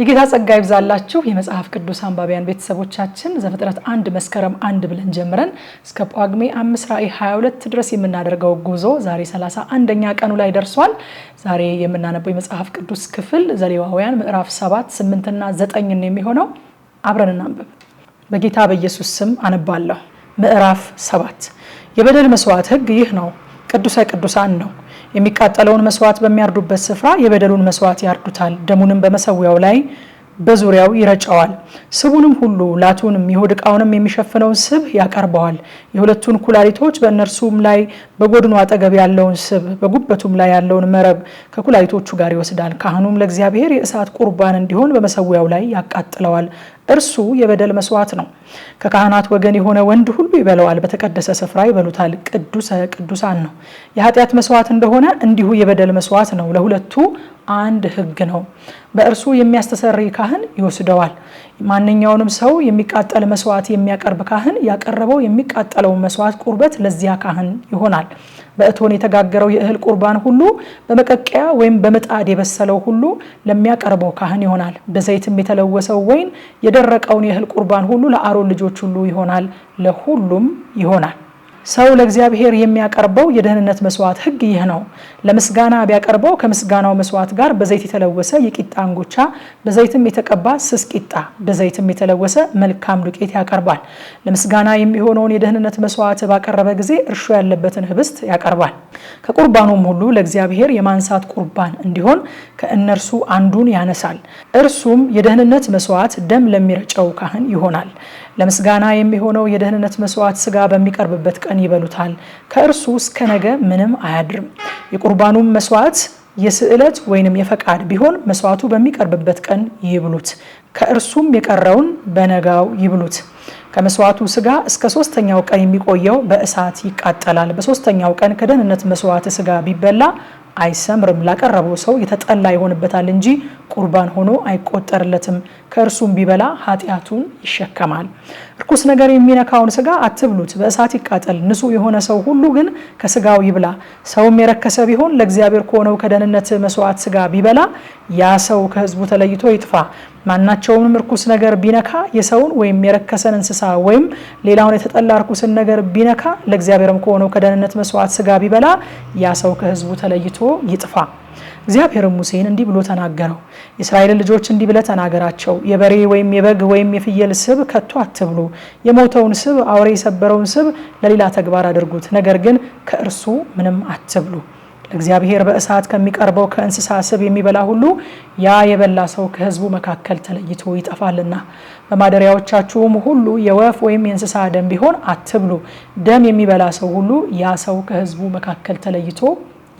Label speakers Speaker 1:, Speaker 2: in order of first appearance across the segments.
Speaker 1: የጌታ ጸጋ ይብዛላችሁ የመጽሐፍ ቅዱስ አንባቢያን ቤተሰቦቻችን ዘፍጥረት አንድ መስከረም አንድ ብለን ጀምረን እስከ ጳጉሜ አምስት ራዕይ 22 ድረስ የምናደርገው ጉዞ ዛሬ 31ኛ ቀኑ ላይ ደርሷል። ዛሬ የምናነበው የመጽሐፍ ቅዱስ ክፍል ዘሌዋውያን ምዕራፍ 7 8ና 9 የሚሆነው አብረን እናንብብ። በጌታ በኢየሱስ ስም አነባለሁ። ምዕራፍ 7 የበደል መስዋዕት ህግ ይህ ነው፣ ቅዱሰ ቅዱሳን ነው የሚቃጠለውን መስዋዕት በሚያርዱበት ስፍራ የበደሉን መስዋዕት ያርዱታል። ደሙንም በመሰዊያው ላይ በዙሪያው ይረጨዋል። ስቡንም ሁሉ ላቱንም የሆድ ዕቃውንም የሚሸፍነውን ስብ ያቀርበዋል። የሁለቱን ኩላሊቶች በእነርሱም ላይ በጎድኑ አጠገብ ያለውን ስብ በጉበቱም ላይ ያለውን መረብ ከኩላሊቶቹ ጋር ይወስዳል። ካህኑም ለእግዚአብሔር የእሳት ቁርባን እንዲሆን በመሰዊያው ላይ ያቃጥለዋል። እርሱ የበደል መስዋዕት ነው። ከካህናት ወገን የሆነ ወንድ ሁሉ ይበለዋል፣ በተቀደሰ ስፍራ ይበሉታል፣ ቅዱሰ ቅዱሳን ነው። የኃጢአት መስዋዕት እንደሆነ እንዲሁ የበደል መስዋዕት ነው። ለሁለቱ አንድ ሕግ ነው። በእርሱ የሚያስተሰርይ ካህን ይወስደዋል። ማንኛውንም ሰው የሚቃጠል መስዋዕት የሚያቀርብ ካህን ያቀረበው የሚቃጠለውን መስዋዕት ቁርበት ለዚያ ካህን ይሆናል። በእቶን የተጋገረው የእህል ቁርባን ሁሉ በመቀቀያ ወይም በምጣድ የበሰለው ሁሉ ለሚያቀርበው ካህን ይሆናል። በዘይትም የተለወሰው ወይን የደረቀውን የእህል ቁርባን ሁሉ ለአሮን ልጆች ሁሉ ይሆናል፣ ለሁሉም ይሆናል። ሰው ለእግዚአብሔር የሚያቀርበው የደህንነት መስዋዕት ሕግ ይህ ነው። ለምስጋና ቢያቀርበው ከምስጋናው መስዋዕት ጋር በዘይት የተለወሰ የቂጣ እንጎቻ፣ በዘይትም የተቀባ ስስ ቂጣ፣ በዘይትም የተለወሰ መልካም ዱቄት ያቀርባል። ለምስጋና የሚሆነውን የደህንነት መስዋዕት ባቀረበ ጊዜ እርሾ ያለበትን ህብስት ያቀርባል። ከቁርባኑም ሁሉ ለእግዚአብሔር የማንሳት ቁርባን እንዲሆን ከእነርሱ አንዱን ያነሳል። እርሱም የደህንነት መስዋዕት ደም ለሚረጨው ካህን ይሆናል። ለምስጋና የሚሆነው የደህንነት መስዋዕት ስጋ በሚቀርብበት ቀን ይበሉታል። ከእርሱ እስከ ነገ ምንም አያድርም። የቁርባኑም መስዋዕት የስዕለት ወይንም የፈቃድ ቢሆን መስዋዕቱ በሚቀርብበት ቀን ይብሉት። ከእርሱም የቀረውን በነጋው ይብሉት። ከመስዋዕቱ ስጋ እስከ ሶስተኛው ቀን የሚቆየው በእሳት ይቃጠላል። በሶስተኛው ቀን ከደህንነት መስዋዕት ስጋ ቢበላ አይሰምርም። ላቀረበው ሰው የተጠላ ይሆንበታል እንጂ ቁርባን ሆኖ አይቆጠርለትም። ከእርሱም ቢበላ ኃጢአቱን ይሸከማል። እርኩስ ነገር የሚነካውን ስጋ አትብሉት፣ በእሳት ይቃጠል። ንጹሕ የሆነ ሰው ሁሉ ግን ከስጋው ይብላ። ሰውም የረከሰ ቢሆን ለእግዚአብሔር ከሆነው ከደህንነት መስዋዕት ስጋ ቢበላ ያ ሰው ከህዝቡ ተለይቶ ይጥፋ። ማናቸውንም እርኩስ ነገር ቢነካ የሰውን ወይም የረከሰን እንስሳ ወይም ሌላውን የተጠላ እርኩስን ነገር ቢነካ ለእግዚአብሔርም ከሆነው ከደህንነት መስዋዕት ስጋ ቢበላ ያ ሰው ከህዝቡ ተለይቶ ይጥፋ። እግዚአብሔርም ሙሴን እንዲህ ብሎ ተናገረው፣ የእስራኤልን ልጆች እንዲህ ብለ ተናገራቸው፣ የበሬ ወይም የበግ ወይም የፍየል ስብ ከቶ አትብሉ። የሞተውን ስብ፣ አውሬ የሰበረውን ስብ ለሌላ ተግባር አድርጉት፣ ነገር ግን ከእርሱ ምንም አትብሉ። ለእግዚአብሔር በእሳት ከሚቀርበው ከእንስሳ ስብ የሚበላ ሁሉ ያ የበላ ሰው ከሕዝቡ መካከል ተለይቶ ይጠፋልና። በማደሪያዎቻችሁም ሁሉ የወፍ ወይም የእንስሳ ደም ቢሆን አትብሉ። ደም የሚበላ ሰው ሁሉ ያ ሰው ከሕዝቡ መካከል ተለይቶ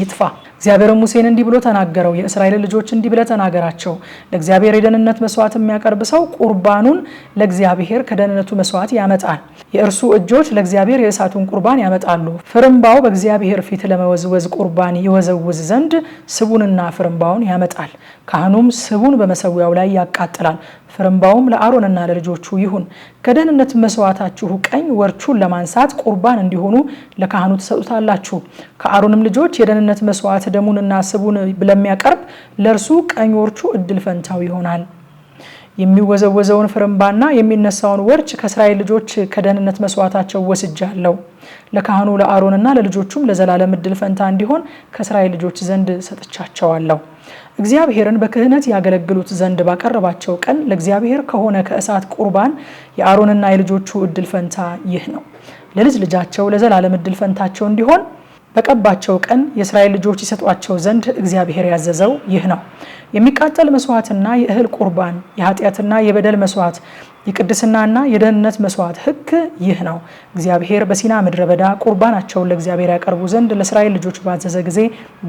Speaker 1: ይጥፋ። እግዚአብሔርም ሙሴን እንዲህ ብሎ ተናገረው፣ የእስራኤል ልጆች እንዲህ ብለ ተናገራቸው፣ ለእግዚአብሔር የደህንነት መስዋዕት የሚያቀርብ ሰው ቁርባኑን ለእግዚአብሔር ከደህንነቱ መስዋዕት ያመጣል። የእርሱ እጆች ለእግዚአብሔር የእሳቱን ቁርባን ያመጣሉ። ፍርምባው በእግዚአብሔር ፊት ለመወዝወዝ ቁርባን ይወዘውዝ ዘንድ ስቡንና ፍርምባውን ያመጣል። ካህኑም ስቡን በመሰዊያው ላይ ያቃጥላል፣ ፍርምባውም ለአሮንና ለልጆቹ ይሁን። ከደህንነት መስዋዕታችሁ ቀኝ ወርቹን ለማንሳት ቁርባን እንዲሆኑ ለካህኑ ትሰጡታላችሁ። ከአሮንም ልጆች የደህንነት መስዋዕት ደሙንና ስቡን ለሚያቀርብ ለእርሱ ቀኝ ወርቹ እድል ፈንታው ይሆናል። የሚወዘወዘውን ፍርምባና የሚነሳውን ወርች ከእስራኤል ልጆች ከደህንነት መስዋዕታቸው ወስጃለሁ። ለካህኑ ለአሮንና ለልጆቹም ለዘላለም እድል ፈንታ እንዲሆን ከእስራኤል ልጆች ዘንድ ሰጥቻቸዋለሁ። እግዚአብሔርን በክህነት ያገለግሉት ዘንድ ባቀረባቸው ቀን ለእግዚአብሔር ከሆነ ከእሳት ቁርባን የአሮንና የልጆቹ እድል ፈንታ ይህ ነው። ለልጅ ልጃቸው ለዘላለም እድል ፈንታቸው እንዲሆን በቀባቸው ቀን የእስራኤል ልጆች ይሰጧቸው ዘንድ እግዚአብሔር ያዘዘው ይህ ነው። የሚቃጠል መስዋዕትና የእህል ቁርባን፣ የኃጢአትና የበደል መስዋዕት፣ የቅድስናና የደህንነት መስዋዕት ሕግ ይህ ነው። እግዚአብሔር በሲና ምድረ በዳ ቁርባናቸውን ለእግዚአብሔር ያቀርቡ ዘንድ ለእስራኤል ልጆች ባዘዘ ጊዜ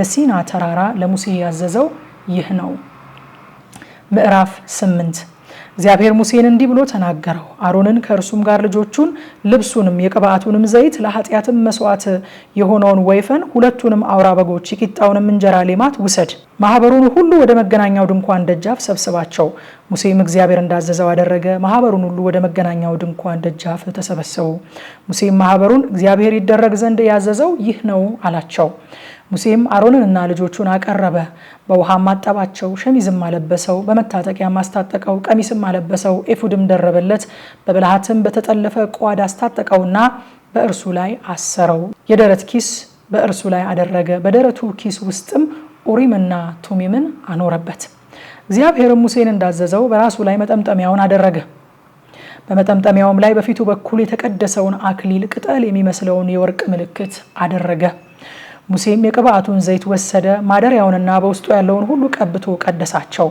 Speaker 1: በሲና ተራራ ለሙሴ ያዘዘው ይህ ነው። ምዕራፍ ስምንት እግዚአብሔር ሙሴን እንዲህ ብሎ ተናገረው፣ አሮንን ከእርሱም ጋር ልጆቹን፣ ልብሱንም፣ የቅባቱንም ዘይት፣ ለኃጢአትም መስዋዕት የሆነውን ወይፈን፣ ሁለቱንም አውራ በጎች፣ የቂጣውንም እንጀራ ሌማት ውሰድ። ማህበሩን ሁሉ ወደ መገናኛው ድንኳን ደጃፍ ሰብስባቸው። ሙሴም እግዚአብሔር እንዳዘዘው አደረገ። ማህበሩን ሁሉ ወደ መገናኛው ድንኳን ደጃፍ ተሰበሰቡ። ሙሴም ማህበሩን እግዚአብሔር ይደረግ ዘንድ ያዘዘው ይህ ነው አላቸው። ሙሴም አሮንንና ልጆቹን አቀረበ። በውሃም አጠባቸው፣ ሸሚዝም አለበሰው፣ በመታጠቂያ አስታጠቀው፣ ቀሚስም አለበሰው፣ ኤፉድም ደረበለት። በብልሃትም በተጠለፈ ቋድ አስታጠቀውና በእርሱ ላይ አሰረው። የደረት ኪስ በእርሱ ላይ አደረገ። በደረቱ ኪስ ውስጥም ኡሪምና ቱሚምን አኖረበት። እግዚአብሔርም ሙሴን እንዳዘዘው በራሱ ላይ መጠምጠሚያውን አደረገ። በመጠምጠሚያውም ላይ በፊቱ በኩል የተቀደሰውን አክሊል ቅጠል የሚመስለውን የወርቅ ምልክት አደረገ። ሙሴም የቅብአቱን ዘይት ወሰደ፣ ማደሪያውንና በውስጡ ያለውን ሁሉ ቀብቶ ቀደሳቸው።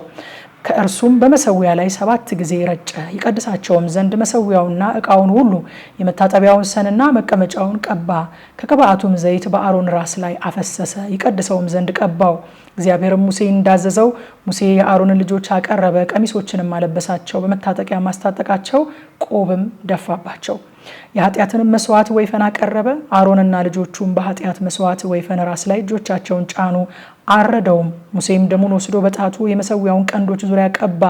Speaker 1: ከእርሱም በመሰዊያ ላይ ሰባት ጊዜ ረጨ። ይቀድሳቸውም ዘንድ መሰዊያውና እቃውን ሁሉ የመታጠቢያውን ሰንና መቀመጫውን ቀባ። ከቅብአቱም ዘይት በአሮን ራስ ላይ አፈሰሰ፣ ይቀድሰውም ዘንድ ቀባው። እግዚአብሔርም ሙሴ እንዳዘዘው ሙሴ የአሮንን ልጆች አቀረበ፣ ቀሚሶችንም አለበሳቸው፣ በመታጠቂያ ማስታጠቃቸው፣ ቆብም ደፋባቸው። የኃጢአትንም መስዋዕት ወይፈን አቀረበ። አሮንና ልጆቹም በኃጢአት መስዋዕት ወይፈን ራስ ላይ እጆቻቸውን ጫኑ። አረደውም። ሙሴም ደሙን ወስዶ በጣቱ የመሰዊያውን ቀንዶች ዙሪያ ቀባ፣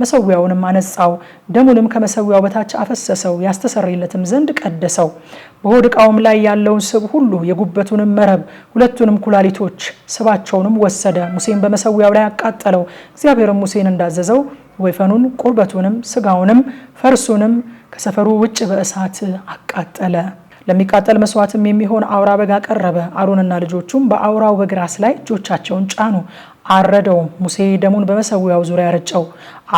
Speaker 1: መሰዊያውንም አነጻው። ደሙንም ከመሰዊያው በታች አፈሰሰው፣ ያስተሰርይለትም ዘንድ ቀደሰው። በሆድ ዕቃውም ላይ ያለውን ስብ ሁሉ፣ የጉበቱንም መረብ፣ ሁለቱንም ኩላሊቶች ስባቸውንም ወሰደ። ሙሴም በመሰዊያው ላይ አቃጠለው። እግዚአብሔርም ሙሴን እንዳዘዘው ወይፈኑን፣ ቁርበቱንም፣ ስጋውንም፣ ፈርሱንም ከሰፈሩ ውጭ በእሳት አቃጠለ። ለሚቃጠል መስዋዕትም የሚሆን አውራ በግ አቀረበ። አሮንና ልጆቹም በአውራው በግ ራስ ላይ እጆቻቸውን ጫኑ፣ አረደውም። ሙሴ ደሙን በመሰዊያው ዙሪያ ረጨው፣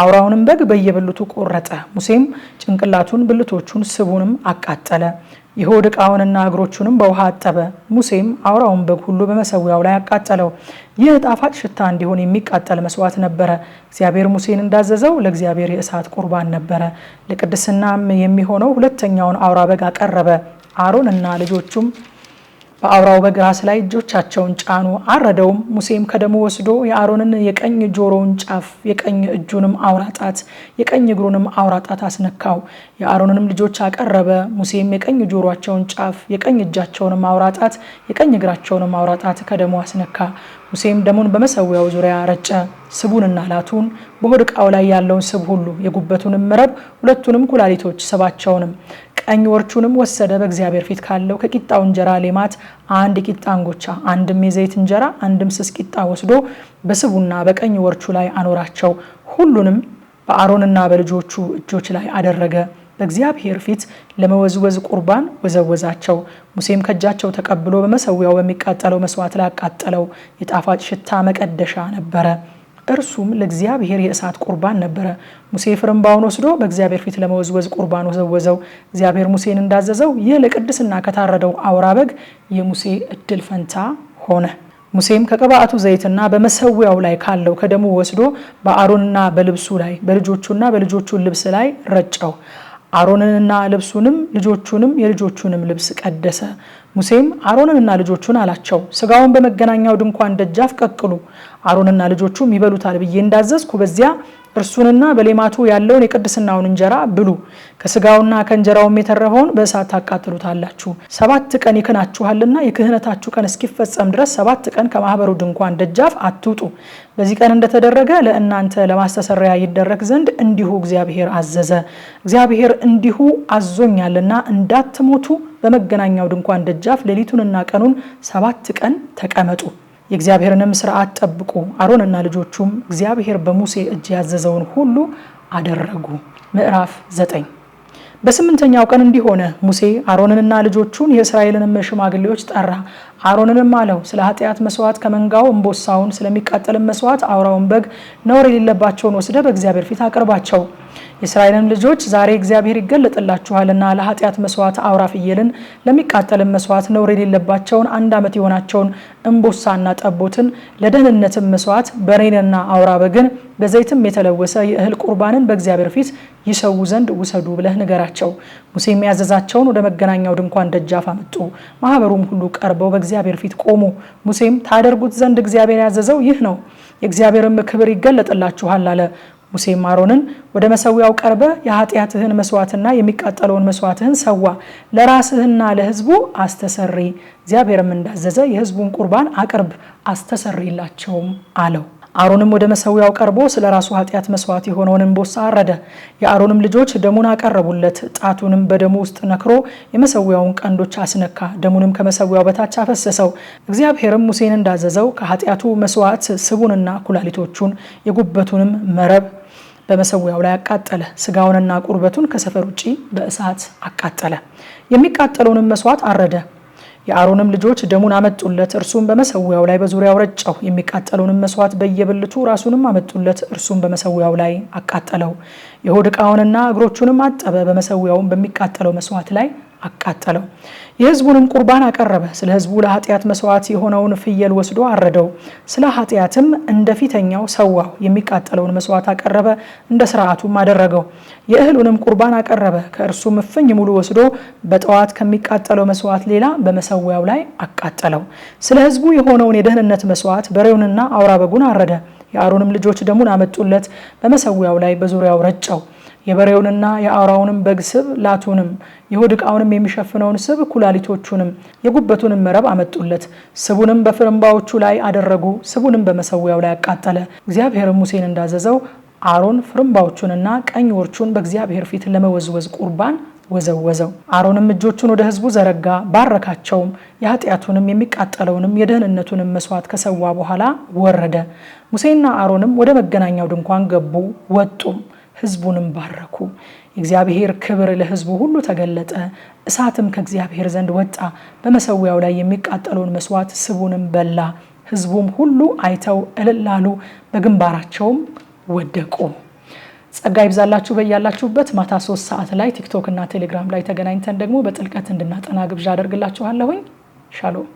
Speaker 1: አውራውንም በግ በየብልቱ ቆረጠ። ሙሴም ጭንቅላቱን፣ ብልቶቹን፣ ስቡንም አቃጠለ። የሆድ እቃውንና እግሮቹንም በውሃ አጠበ። ሙሴም አውራውን በግ ሁሉ በመሰዊያው ላይ አቃጠለው። ይህ ጣፋጭ ሽታ እንዲሆን የሚቃጠል መስዋዕት ነበረ። እግዚአብሔር ሙሴን እንዳዘዘው ለእግዚአብሔር የእሳት ቁርባን ነበረ። ለቅድስናም የሚሆነው ሁለተኛውን አውራ በግ አቀረበ። አሮን እና ልጆቹም በአውራው በግ ራስ ላይ እጆቻቸውን ጫኑ፣ አረደውም። ሙሴም ከደሙ ወስዶ የአሮንን የቀኝ ጆሮውን ጫፍ፣ የቀኝ እጁንም ጣት የቀኝ እግሩንም አውራ ጣት አስነካው። የአሮንንም ልጆች አቀረበ። ሙሴም የቀኝ ጆሮቸውን ጫፍ፣ የቀኝ እጃቸውንም አውራ ጣት የቀኝ እግራቸውንም አውራጣት ከደሙ አስነካ። ሙሴም ደሙን በመሰዊያው ዙሪያ ረጨ። ስቡንና ላቱን በሆድ ዕቃው ላይ ያለውን ስብ ሁሉ የጉበቱንም መረብ ሁለቱንም ኩላሊቶች ስባቸውንም ቀኝ ወርቹንም ወሰደ በእግዚአብሔር ፊት ካለው ከቂጣው እንጀራ ሌማት አንድ ቂጣ እንጎቻ አንድም የዘይት እንጀራ አንድም ስስ ቂጣ ወስዶ በስቡና በቀኝ ወርቹ ላይ አኖራቸው። ሁሉንም በአሮንና በልጆቹ እጆች ላይ አደረገ። በእግዚአብሔር ፊት ለመወዝወዝ ቁርባን ወዘወዛቸው። ሙሴም ከእጃቸው ተቀብሎ በመሰዊያው በሚቃጠለው መስዋዕት ላይ አቃጠለው። የጣፋጭ ሽታ መቀደሻ ነበረ። እርሱም ለእግዚአብሔር የእሳት ቁርባን ነበረ። ሙሴ ፍርምባውን ወስዶ በእግዚአብሔር ፊት ለመወዝወዝ ቁርባን ወዘወዘው። እግዚአብሔር ሙሴን እንዳዘዘው ይህ ለቅድስና ከታረደው አውራ በግ የሙሴ እድል ፈንታ ሆነ። ሙሴም ከቅባቱ ዘይትና በመሰዊያው ላይ ካለው ከደሙ ወስዶ በአሮንና በልብሱ ላይ በልጆቹና በልጆቹ ልብስ ላይ ረጨው። አሮንንና ልብሱንም ልጆቹንም የልጆቹንም ልብስ ቀደሰ። ሙሴም አሮንንና ልጆቹን አላቸው፣ ስጋውን በመገናኛው ድንኳን ደጃፍ ቀቅሉ፣ አሮንና ልጆቹም ይበሉታል ብዬ እንዳዘዝኩ በዚያ እርሱንና በሌማቱ ያለውን የቅድስናውን እንጀራ ብሉ፣ ከስጋውና ከእንጀራውም የተረፈውን በእሳት ታቃጥሉታላችሁ። ሰባት ቀን ይክናችኋልና የክህነታችሁ ቀን እስኪፈጸም ድረስ ሰባት ቀን ከማህበሩ ድንኳን ደጃፍ አትውጡ። በዚህ ቀን እንደተደረገ ለእናንተ ለማስተሰሪያ ይደረግ ዘንድ እንዲሁ እግዚአብሔር አዘዘ። እግዚአብሔር እንዲሁ አዞኛልና እንዳትሞቱ በመገናኛው ድንኳን ደጃፍ ሌሊቱንና ቀኑን ሰባት ቀን ተቀመጡ። የእግዚአብሔርንም ስርዓት ጠብቁ። አሮንና ልጆቹም እግዚአብሔር በሙሴ እጅ ያዘዘውን ሁሉ አደረጉ። ምዕራፍ ዘጠኝ በስምንተኛው ቀን እንዲህ ሆነ፣ ሙሴ አሮንንና ልጆቹን የእስራኤልንም ሽማግሌዎች ጠራ። አሮንንም አለው፣ ስለ ኃጢአት መስዋዕት ከመንጋው እምቦሳውን፣ ስለሚቃጠልም መስዋዕት አውራውን በግ ነውር የሌለባቸውን ወስደ በእግዚአብሔር ፊት አቅርባቸው የእስራኤልን ልጆች ዛሬ እግዚአብሔር ይገለጥላችኋልና ለኃጢአት መስዋዕት አውራ ፍየልን፣ ለሚቃጠልን መስዋዕት ነውር የሌለባቸውን አንድ ዓመት የሆናቸውን እንቦሳና ጠቦትን፣ ለደህንነትም መስዋዕት በሬንና አውራ በግን በዘይትም የተለወሰ የእህል ቁርባንን በእግዚአብሔር ፊት ይሰዉ ዘንድ ውሰዱ ብለህ ንገራቸው። ሙሴ የሚያዘዛቸውን ወደ መገናኛው ድንኳን ደጃፍ አመጡ። ማህበሩም ሁሉ ቀርበው በእግዚአብሔር ፊት ቆሙ። ሙሴም ታደርጉት ዘንድ እግዚአብሔር ያዘዘው ይህ ነው፣ የእግዚአብሔርም ክብር ይገለጥላችኋል አለ። ሙሴም አሮንን ወደ መሰዊያው ቀርበ የኃጢአትህን መስዋዕትና የሚቃጠለውን መስዋዕትህን ሰዋ፣ ለራስህና ለህዝቡ አስተሰሪ፣ እግዚአብሔርም እንዳዘዘ የህዝቡን ቁርባን አቅርብ፣ አስተሰሪላቸውም አለው። አሮንም ወደ መሰዊያው ቀርቦ ስለ ራሱ ኃጢአት መስዋዕት የሆነውን እንቦሳ አረደ። የአሮንም ልጆች ደሙን አቀረቡለት። ጣቱንም በደሙ ውስጥ ነክሮ የመሰዊያውን ቀንዶች አስነካ። ደሙንም ከመሰዊያው በታች አፈሰሰው። እግዚአብሔርም ሙሴን እንዳዘዘው ከኃጢአቱ መስዋዕት ስቡንና ኩላሊቶቹን የጉበቱንም መረብ በመሰዊያው ላይ አቃጠለ። ስጋውንና ቁርበቱን ከሰፈር ውጪ በእሳት አቃጠለ። የሚቃጠለውንም መስዋዕት አረደ። የአሮንም ልጆች ደሙን አመጡለት፣ እርሱም በመሰዊያው ላይ በዙሪያው ረጨው። የሚቃጠለውንም መስዋዕት በየብልቱ ራሱንም አመጡለት፣ እርሱም በመሰዊያው ላይ አቃጠለው። የሆድ ዕቃውንና እግሮቹንም አጠበ፣ በመሰዊያውም በሚቃጠለው መስዋዕት ላይ አቃጠለው። የህዝቡንም ቁርባን አቀረበ። ስለ ህዝቡ ለኃጢአት መስዋዕት የሆነውን ፍየል ወስዶ አረደው። ስለ ኃጢአትም እንደ ፊተኛው ሰዋው። የሚቃጠለውን መስዋዕት አቀረበ፣ እንደ ስርዓቱም አደረገው። የእህሉንም ቁርባን አቀረበ። ከእርሱም እፍኝ ሙሉ ወስዶ በጠዋት ከሚቃጠለው መስዋዕት ሌላ በመሰዊያው ላይ አቃጠለው። ስለ ህዝቡ የሆነውን የደህንነት መስዋዕት በሬውንና አውራ በጉን አረደ። የአሮንም ልጆች ደሙን አመጡለት፣ በመሰዊያው ላይ በዙሪያው ረጨው። የበሬውንና የአውራውንም በግ ስብ ላቱንም የሆድ ዕቃውንም የሚሸፍነውን ስብ ኩላሊቶቹንም የጉበቱንም መረብ አመጡለት። ስቡንም በፍርምባዎቹ ላይ አደረጉ። ስቡንም በመሰዊያው ላይ አቃጠለ። እግዚአብሔር ሙሴን እንዳዘዘው አሮን ፍርምባዎቹንና ወርቹን በእግዚአብሔር ፊት ለመወዝወዝ ቁርባን ወዘወዘው። አሮንም እጆቹን ወደ ሕዝቡ ዘረጋ፣ ባረካቸውም። የኃጢአቱንም የሚቃጠለውንም የደህንነቱንም መስዋዕት ከሰዋ በኋላ ወረደ። ሙሴና አሮንም ወደ መገናኛው ድንኳን ገቡ፣ ወጡም። ህዝቡንም ባረኩ። የእግዚአብሔር ክብር ለህዝቡ ሁሉ ተገለጠ። እሳትም ከእግዚአብሔር ዘንድ ወጣ፣ በመሰዊያው ላይ የሚቃጠለውን መስዋዕት ስቡንም በላ። ህዝቡም ሁሉ አይተው እልል አሉ፣ በግንባራቸውም ወደቁ። ጸጋ ይብዛላችሁ በያላችሁበት። ማታ ሶስት ሰዓት ላይ ቲክቶክ እና ቴሌግራም ላይ ተገናኝተን ደግሞ በጥልቀት እንድናጠና ግብዣ አደርግላችኋለሁኝ። ሻሎም